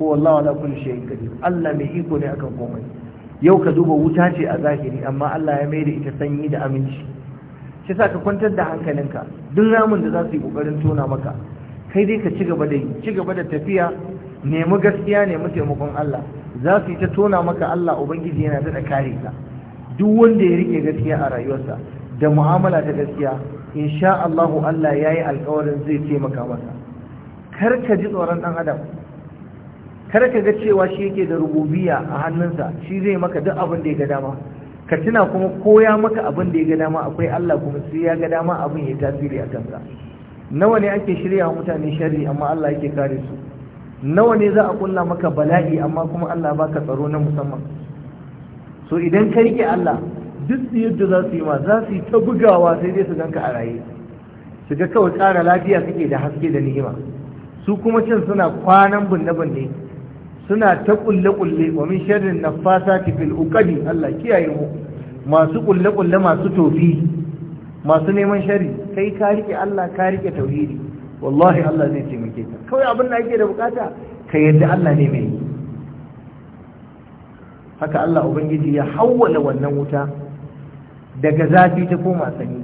[SPEAKER 1] ko wallahu ala kulli shay'in qadir Allah mai iko ne akan komai yau ka duba wuta ce a zahiri amma Allah ya mai da ita sanyi da aminci shi sa ka kwantar da hankalinka duk ramin da za su yi kokarin tona maka kai dai ka ci gaba da ci da tafiya nemi gaskiya ne nemi taimakon Allah za su yi ta tona maka Allah ubangiji yana da kare ka duk wanda ya rike gaskiya a rayuwarsa da mu'amala ta gaskiya insha Allah Allah yayi alƙawarin zai taimaka masa kar ka ji tsoron dan adam kar ka ga cewa shi yake da rububiya a hannunsa shi zai maka duk abin da ya ga dama ka tuna kuma koya maka abin da ya ga dama akwai Allah kuma sai ya ga dama abin ya tasiri a kansa nawa ne ake shirya mutane shari amma Allah yake kare su nawa ne za a kulla maka bala'i amma kuma Allah baka tsaro na musamman so idan ka rike Allah duk yadda za su yi ma za su yi ta bugawa sai dai su gan ka a raye su ga kawai tsara lafiya suke da haske da ni'ima su kuma cin suna kwanan bunne-bunne suna ta kulle-kulle wa min sharrin nafasati fil uqadi Allah kiyaye mu masu kulle-kulle masu tofi masu neman shari kai ka rike Allah ka rike tauhidi wallahi Allah zai taimake ka kawai abin da ake da bukata ka yadda Allah ne mai haka Allah ubangiji ya hawwala wannan wuta daga zafi ta koma sanyi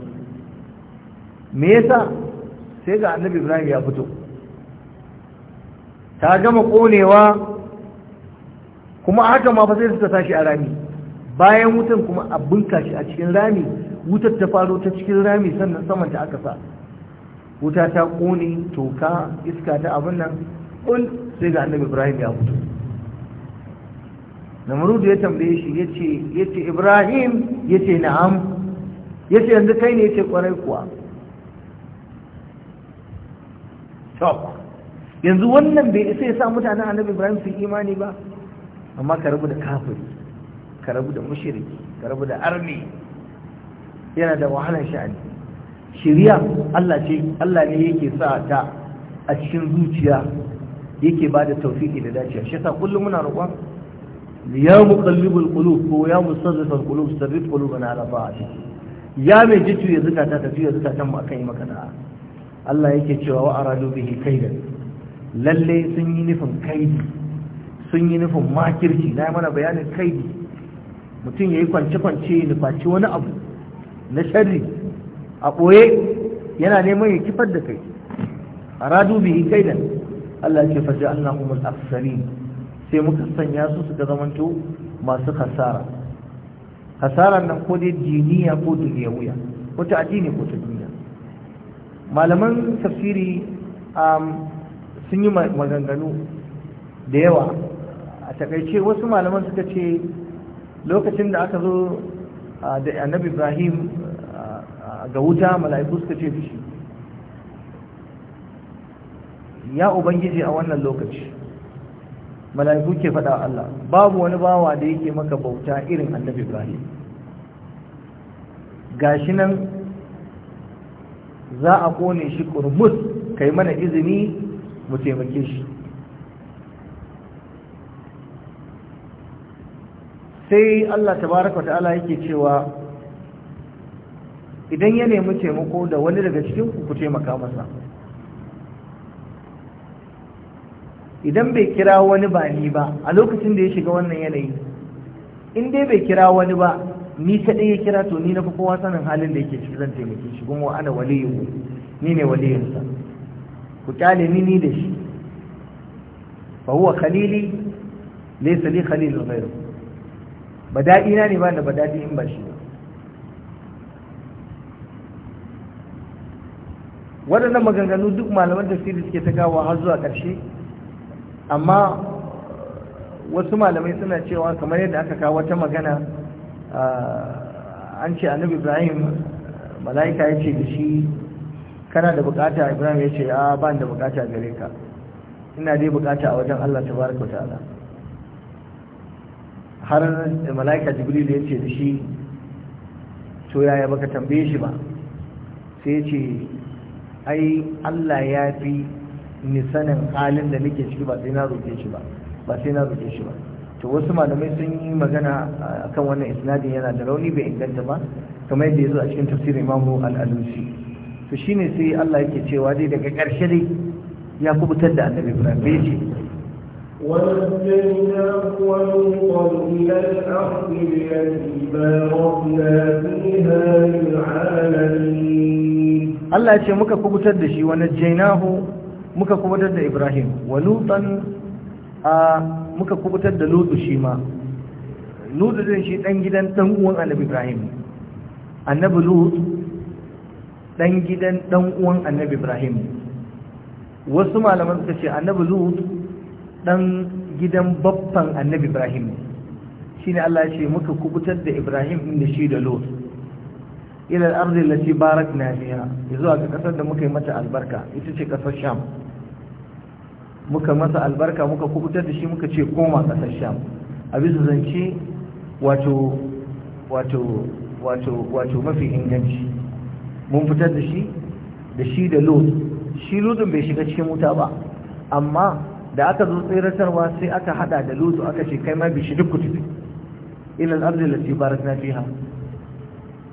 [SPEAKER 1] me yasa sai ga annabi Ibrahim ya fito ta gama konewa kuma haka ma fa sai suka tashi a rami bayan wutan kuma abun kashi a cikin rami wutar ta faro ta cikin rami sannan saman ta aka sa wuta ta kone toka iska ta abin nan kun sai ga annabi ibrahim ya fito namrudu ya tambaye shi ya ce ibrahim ya ce na'am ya ce yanzu kai ne ya ce kwarai kuwa yanzu wannan bai isa ya sa mutanen annabi ibrahim su imani ba amma ka rabu da kafiri ka rabu da mushriki ka rabu da arni yana da wahalar sha'ani shiriya Allah ce Allah ne yake sa ta a cikin zuciya yake ba da tawfiki da dacewa shi yasa kullum muna roƙon ya muqallibul qulub ko ya musarrifal qulub sarrif qulubana ala ta'ati ya mai jitu ya zakata ta juya zakatan mu akan yi maka da'a Allah yake cewa wa aradu bihi kaidan lalle sun yi nufin kaidi sun yi nufin makirci na mana bayanin kaidi mutum ya yi kwance-kwance ya nufaci wani abu na sharri a ɓoye yana neman ya kifar da kai a radu bihi nan. Allah ce faji annahum al-akhsarin sai muka sanya su suka zamanto masu kasara hasaran nan ko dai diniya ko wuya, ko ta addini ko ta duniya malaman tafsiri um, sun yi maganganu da yawa a takaice wasu malaman suka ce lokacin da aka zo uh, da annabi ibrahim ga wuta mala'iku suka ce fishi ya ubangiji a wannan lokaci mala'iku ke faɗa Allah babu wani bawa da yake maka bauta irin annabi Ibrahim gashi nan za a kone shi kurmus kai mana izini mu taimake shi sai Allah tabaraka ta'ala yake cewa idan ya nemi taimako da wani daga cikin ku ku taimaka masa idan bai kira wani ba ni ba a lokacin da ya shiga wannan yanayi in dai bai kira wani ba ni kaɗai ya kira to ni na fi kowa sanin halin da yake ciki zan taimake shi kuma ana waliyu ni ne waliyunsa ku kyale ni ni da shi fa huwa khalili laysa li khalil ghayru bada'ina ne ba da badadi in ba shi waɗannan maganganu duk malaman tafsiri suke ta kawo har zuwa ƙarshe amma wasu malamai suna cewa kamar yadda aka kawo wata magana ah, an ce annabi ibrahim mala'ika ya ce da shi kana da bukata ibrahim ya ce a ah, ban da bukata gare ka ina dai bukata a wajen allah baraka ta'ala har mala'ika jibril ya ce da shi to yaya baka tambaye shi ba sai ya ce ai Allah ya fi ni sanin halin da nake ciki ba sai na roƙe shi ba ba sai na roƙe shi ba to wasu malamai sun yi magana akan wannan isnadin yana da rauni bai inganta ba kamar yadda yazo a cikin tafsirin Imam Al-Alusi to shine sai Allah yake cewa dai daga ƙarshe dai ya kubutar da
[SPEAKER 2] Annabi Ibrahim bai ce ونجيناه ولوطا إلى الأرض التي باركنا فيها للعالمين
[SPEAKER 1] Allah ya ce muka kubutar da shi wa jainahu muka kubutar da Ibrahim wa lutan a muka kubutar da lutu shi ma lutu din shi dan gidan dan uwan annabi Ibrahim annabi lut dan gidan dan uwan annabi Ibrahim wasu malaman suka ce annabi lut dan gidan babban annabi Ibrahim shine Allah ya ce muka kubutar da Ibrahim din da shi da lutu ila al-ardi allati barakna fiha zuwa ga kasar da muka yi mata albarka ita ce kasar sham muka masa albarka muka kubutar da shi muka ce koma kasar sham a bisa zance wato wato wato wato mafi inganci mun fitar da shi da shi da lot shi lotin bai shiga cikin wuta ba amma da aka zo tseratarwa sai aka hada da lutu aka ce kai ma bishi duk kutubi ila al-ardi allati barakna fiha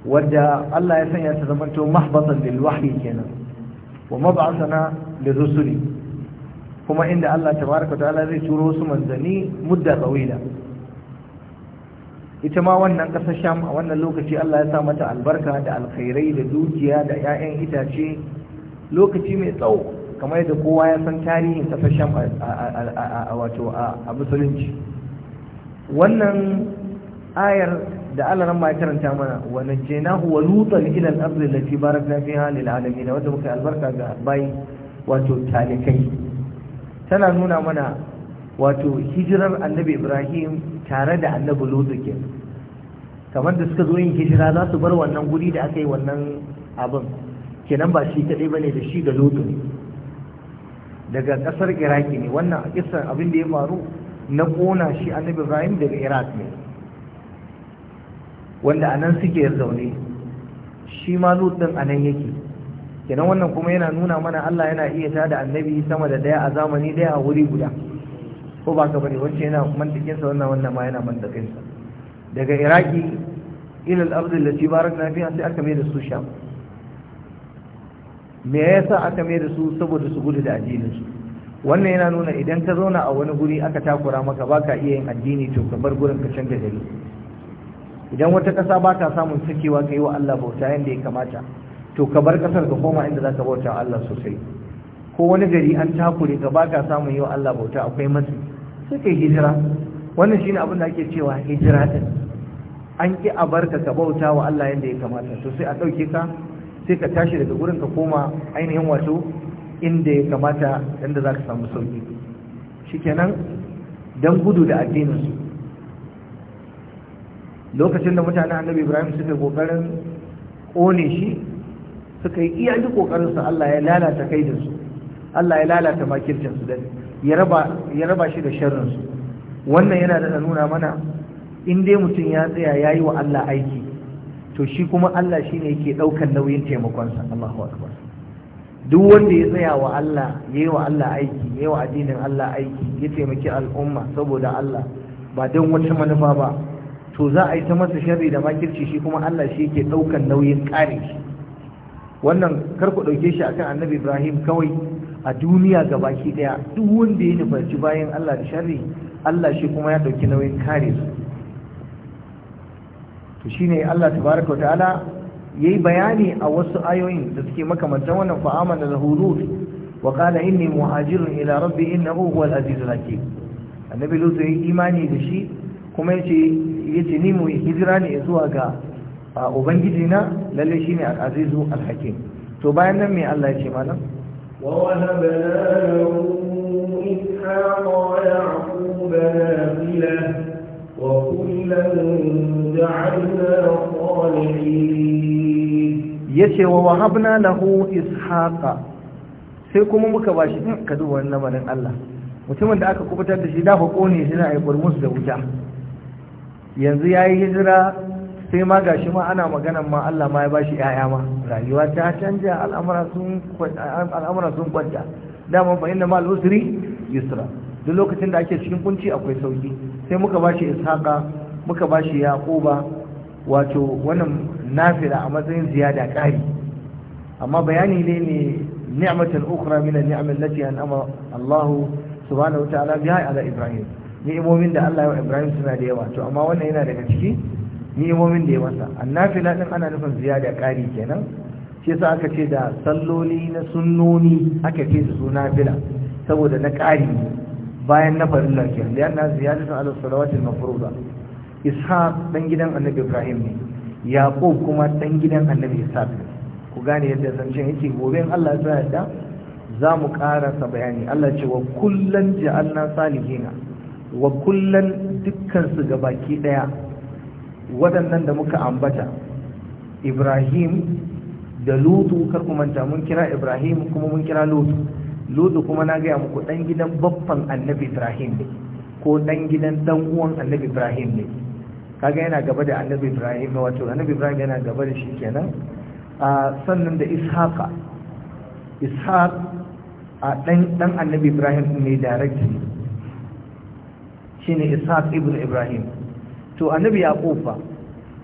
[SPEAKER 1] wadda Allah ya sanya ta zamanto mahbatan lil wahyi kenan wa mab'athana lirusuli kuma inda Allah tabaraka ta'ala zai turo su manzanni mudda tsawila ita ma wannan kasar sham a wannan lokaci Allah ya sa mata albarka da alkhairai da dukiya da 'ya'yan itace lokaci mai tsawo kamar yadda kowa ya san tarihin kasar sham a wato a musulunci wannan ayar da Allah nan ma ya karanta mana wa najjaynahu wa lutan ila al ardh allati barakna fiha lil alamin wanda muka albarka ga bai wato talikai tana nuna mana wato hijirar annabi Ibrahim tare da annabi Lut kamar da suka zo yin hijira za su bar wannan guri da aka yi wannan abin kenan ba shi kadai bane da shi da Lut daga kasar Iraki ne wannan kisan abin da ya faru na kona shi annabi Ibrahim daga Iraq ne wanda a nan suke zaune shi ma lut din a nan yake kenan wannan kuma yana nuna mana Allah yana iya tada annabi sama da daya a zamani daya a wuri guda ko ba ka bari wacce yana mantakin sa wannan wannan ma yana mantakin sa daga iraki ila al-ardh allati barakna fiha sai aka mai da su sham me yasa aka mai da su saboda su gudu da addinin su wannan yana nuna idan ka zauna a wani guri aka takura maka baka iya yin addini to ka bar gurin ka canza gari idan wata ƙasa ba ta samun sakewa ka yi wa Allah bauta yadda ya kamata to ka bar ƙasar ka koma inda za ka bauta Allah sosai ko wani gari an takure ka ba ka samun yi wa Allah bauta akwai masu sai hijira wannan shine abin da ake cewa hijira din an ki a barka ka bauta wa Allah yadda ya kamata to sai a ɗauke ka sai ka tashi daga gurin ka koma ainihin wato inda ya kamata inda za ka samu sauki shikenan don gudu da su lokacin da mutane annabi ibrahim suka kokarin kone shi suka yi iya duk kokarin su Allah ya lalata kai da su Allah ya lalata makircin su da ya raba ya raba shi da sharrin su wannan yana da nuna mana in dai mutum ya tsaya yayi wa Allah aiki to shi kuma Allah shine yake daukan nauyin taimakon sa Allahu akbar duk wanda ya tsaya wa Allah yayi wa Allah aiki yayi wa addinin Allah aiki ya taimaki al'umma saboda Allah ba don wata manufa ba to za a yi ta masa sharri da makirci shi kuma Allah shi yake ɗaukan nauyin kare shi wannan kar ku ɗauke shi akan annabi Ibrahim kawai a duniya ga baki ɗaya duk wanda ya nufarci bayan Allah da sharri Allah shi kuma ya ɗauki nauyin kare su to shine Allah tabaraka ta'ala yayi bayani a wasu ayoyin da suke makamantar wannan fa'amana da lut wa qala inni muhajirun ila rabbi innahu huwal azizul hakim annabi lut yayi imani da shi kuma yace yace ni mu hijira ne zuwa ga ubangiji na lalle shi ne azizu alhakim to bayan nan me Allah ya ce malam
[SPEAKER 2] wa wahabna wa yaqub yace wa
[SPEAKER 1] wahabna lahu ishaqa sai kuma muka bashi hmm, ka duba wannan lamarin Allah mutumin da aka kubutar da shi da hako ne shi na aibar musu da wuta yanzu ya yi hijira sai ma ga shi ma ana maganan ma Allah ma ya bashi ‘ya'ya ma rayuwa ta canja al'amura sun kwanta dama ba inda mal usri yusra duk lokacin da ake cikin kunci akwai sauki sai muka bashi ishaqa muka bashi yaquba wato wannan nafila a matsayin ziyada kari amma bayani ne ne ni'matan ukhra min an allati an'ama Allah subhanahu wa ta'ala biha ala Ibrahim ni'imomin da Allah ya wa Ibrahim suna da yawa to amma wannan yana daga ciki ni'imomin da ya masa annafila din ana nufin ziyada ƙari kenan shi yasa aka ce da salloli na sunnoni aka ce su nafila saboda na ƙari bayan na farin lafiya da yana sun ala salawatil mafruḍa ishaq dan gidan annabi Ibrahim ne yaqub kuma dan gidan annabi ishaq ku gane yadda zancen yake gobe Allah ya yarda za mu karasa bayani Allah ce wa kullan ja'alna salihina wa kullan dukkansu ga baki ɗaya waɗannan da muka ambata ibrahim da lutu kar ku manta mun kira ibrahim kuma mun kira lutu lutu kuma na gaya muku ɗan gidan babban annabi ibrahim ne ko ɗan gidan ɗan uwan annabi ibrahim ne kaga yana gaba da annabi ibrahim wato annabi ibrahim yana gaba da shi kenan sannan da ishaqa ishaq a ɗan annabi ibrahim ne direct shine ishaq ibn ibrahim to annabi yaqub fa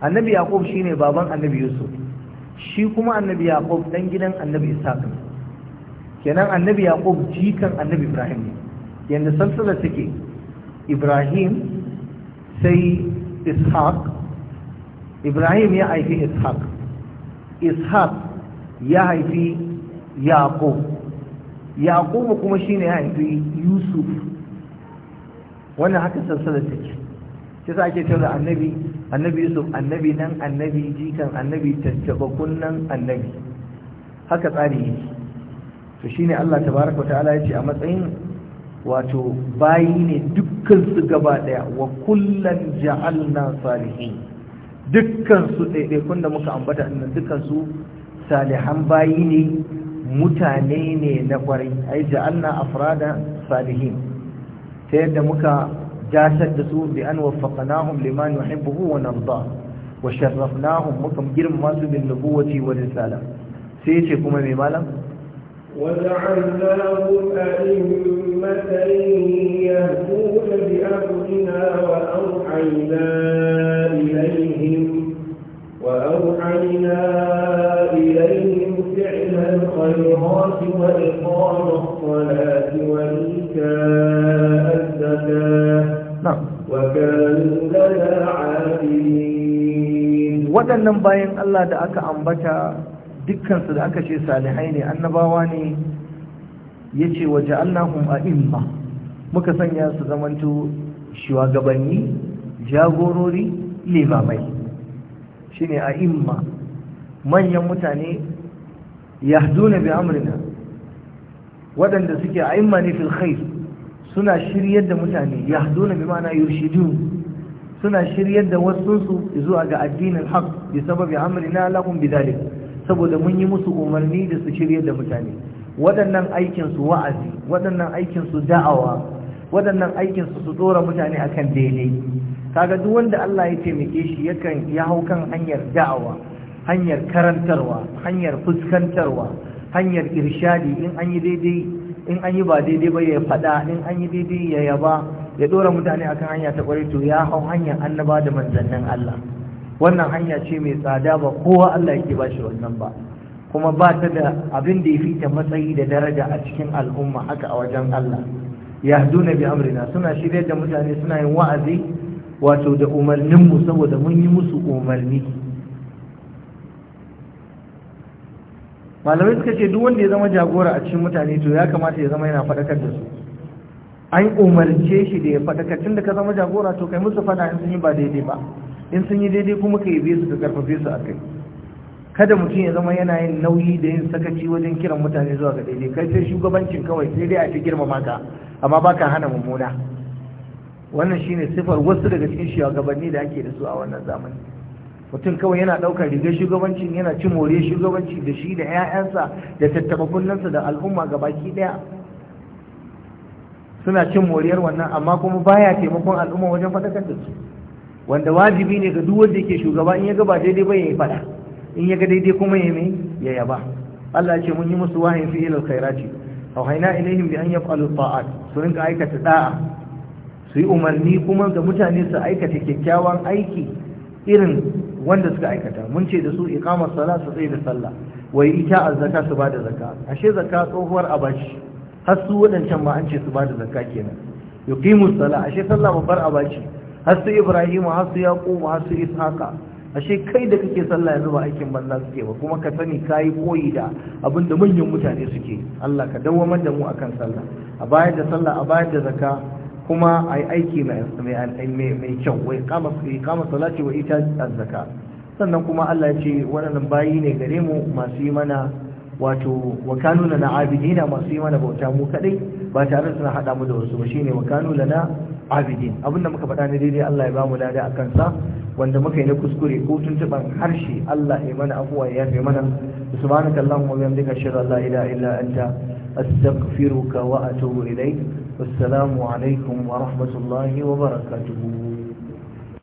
[SPEAKER 1] annabi yaqub shine baban annabi yusuf shi kuma annabi yaqub dan gidan annabi ishaq ne kenan annabi yaqub jikan annabi ibrahim ne yanda sansala take ibrahim sai ishaq ibrahim ya haifi ishaq ishaq ya haifi yaqub yaqub kuma shine ya haifi yusuf wannan haka salsalar take shi sa ake cewa annabi annabi yusuf annabi nan annabi jikan annabi tattaba kunnan annabi haka tsari ne. to shine Allah tabaraka ta'ala yace a matsayin wato bayi ne dukkan su gaba daya wa kullan ja'alna salihin dukkan su kun da muka ambata annan dukkan su salihan bayi ne mutane ne na kwarai ai ja'alna afrada salihin ta yadda muka gasar da su bi an waffaqnahum liman yuhibbu wa narda wa sharrafnahum muka girma su bin nubuwati wa risala sai ce kuma mai malam
[SPEAKER 2] وجعلناهم أئمة يهدون بأمرنا وأوحينا إليهم وأوحينا إليهم فعل الخيرات وإليهم
[SPEAKER 1] waɗannan bayan Allah da aka ambata dukkansu da aka ce salihai ne annabawa ne ya ce waje allahun a'imma muka sanya su zamanto shugabanni jagorori limamai shi ne a'imma manyan mutane ya zuna bi amurina waɗanda suke a'imma ne filkhai suna shiryar da mutane ya zuna bi mana yurshidu suna shiryar da wasunsu zuwa ga addinin haq bi sababi amrina lahum bidalik saboda mun yi musu umarni da su shiryar da mutane waɗannan aikin su wa'azi waɗannan aikin su da'awa waɗannan aikin su su dora mutane akan daidai kaga duk wanda Allah ya taimake shi yakan ya hau kan hanyar da'awa hanyar karantarwa hanyar fuskantarwa hanyar irshadi in an yi daidai in an yi ba daidai ba ya faɗa in an yi daidai ya yaba ya dora mutane akan hanya ta kwari to ya hau hanyar annaba da manzannin Allah wannan hanya ce mai tsada ba kowa Allah yake ba shi wannan ba kuma ba ta da abin da ya fita matsayi da daraja a cikin al'umma haka a wajen Allah yahduna bi amrina suna shirye da mutane suna yin wa'azi wato da umarnin mu saboda mun yi musu umarni malamai suka ce duk wanda ya zama jagora a cikin mutane to ya kamata ya zama yana faɗakar da su an umarce shi da ya faɗaka tun da ka zama jagora to kai musu faɗa in sun yi ba daidai ba in sun yi daidai kuma ka yabe su ka karfafe su a kai kada mutum ya zama yana yin nauyi da yin sakaci wajen kiran mutane zuwa ga daidai kai sai shugabancin kawai sai dai a fi girmama maka amma ba ka hana mummuna wannan shine sifar wasu daga cikin shugabanni da ake da su a wannan zamani mutum kawai yana ɗaukar rigar shugabancin yana cin more shugabanci da shi da 'ya'yansa da tattaba kunnensa da al'umma gabaki ɗaya suna cin moriyar wannan amma kuma baya taimakon al'umma wajen faɗakar da su wanda wajibi ne ga duk wanda yake shugaba in ya ga ba daidai ba ya yi faɗa in ya ga daidai kuma ya mai ya yaba Allah ce mun yi musu wahayin fi ilal khairati aw hayna ilaihim bi an yaf'alu ta'at su rinka aikata da'a su yi umarni kuma ga mutane su aikata kyakkyawan aiki irin wanda suka aikata mun ce da su iqamar salat su tsaye da sallah wa ita az-zakat su bada zakat ashe zakat tsohuwar Abashi? har su waɗancan ma an ce su ba da zakka kenan yuqimu sala ashe sallah babbar abaci har su Ibrahim har su yaquba har su ishaqa ashe kai da kake sallah yanzu ba aikin banza suke ba kuma ka sani yi koyi da abinda manyan mutane suke Allah ka dawamar da mu akan sallah a bayar da sallah a bayar da zakka kuma ai aiki mai mai kyau wai kama kama salati wa ita zakka sannan kuma Allah ya ce waɗannan bayi ne gare mu masu yi mana wato wa kanu lana abidina masu yi mana bauta mu kadai ba tare da suna hada mu da wasu ba shine wa kanu lana abidin abinda muka faɗa ne daidai Allah ya ba mu lada akan sa wanda muka yi na kuskure ko tuntuban harshe Allah ya mana afuwa ya fi mana subhanaka allahumma wa bihamdika ashhadu an la ilaha illa anta astaghfiruka wa atubu ilayk wassalamu alaikum wa rahmatullahi wa barakatuh